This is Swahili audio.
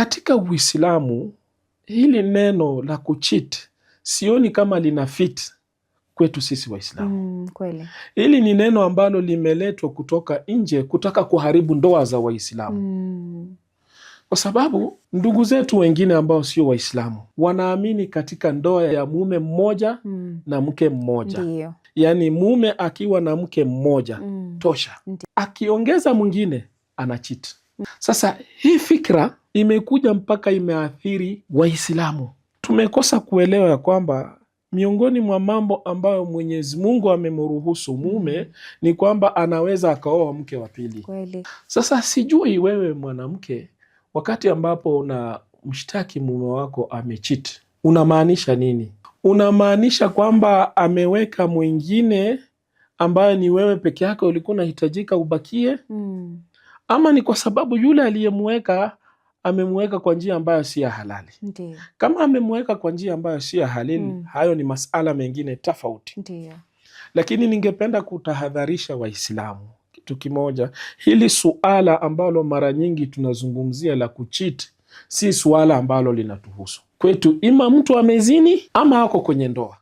Katika Uislamu hili neno la kuchit sioni kama lina fit kwetu sisi Waislamu. Mm, kweli. Hili ni neno ambalo limeletwa kutoka nje kutaka kuharibu ndoa za Waislamu. Mm. Kwa sababu ndugu zetu wengine ambao sio Waislamu wanaamini katika ndoa ya mume mmoja mm. na mke mmoja. Ndiyo. Yaani mume akiwa na mke mmoja mm. tosha. Ndiyo. Akiongeza mwingine anachiti. Sasa hii fikra imekuja mpaka imeathiri Waislamu. Tumekosa kuelewa ya kwamba miongoni mwa mambo ambayo Mwenyezi Mungu amemruhusu mume mm-hmm. ni kwamba anaweza akaoa mke wa pili. Sasa sijui wewe mwanamke, wakati ambapo una mshtaki mume wako amechit, unamaanisha nini? Unamaanisha kwamba ameweka mwingine ambaye ni wewe peke yake ulikuwa unahitajika ubakie? Mm. Ama ni kwa sababu yule aliyemweka amemweka kwa njia ambayo si ya halali. Ndiyo. Kama amemweka kwa njia ambayo si ya halali mm. hayo ni masala mengine tofauti. Lakini ningependa kutahadharisha Waislamu kitu kimoja, hili suala ambalo mara nyingi tunazungumzia la kuchit si suala ambalo linatuhusu kwetu, ima mtu amezini ama ako kwenye ndoa.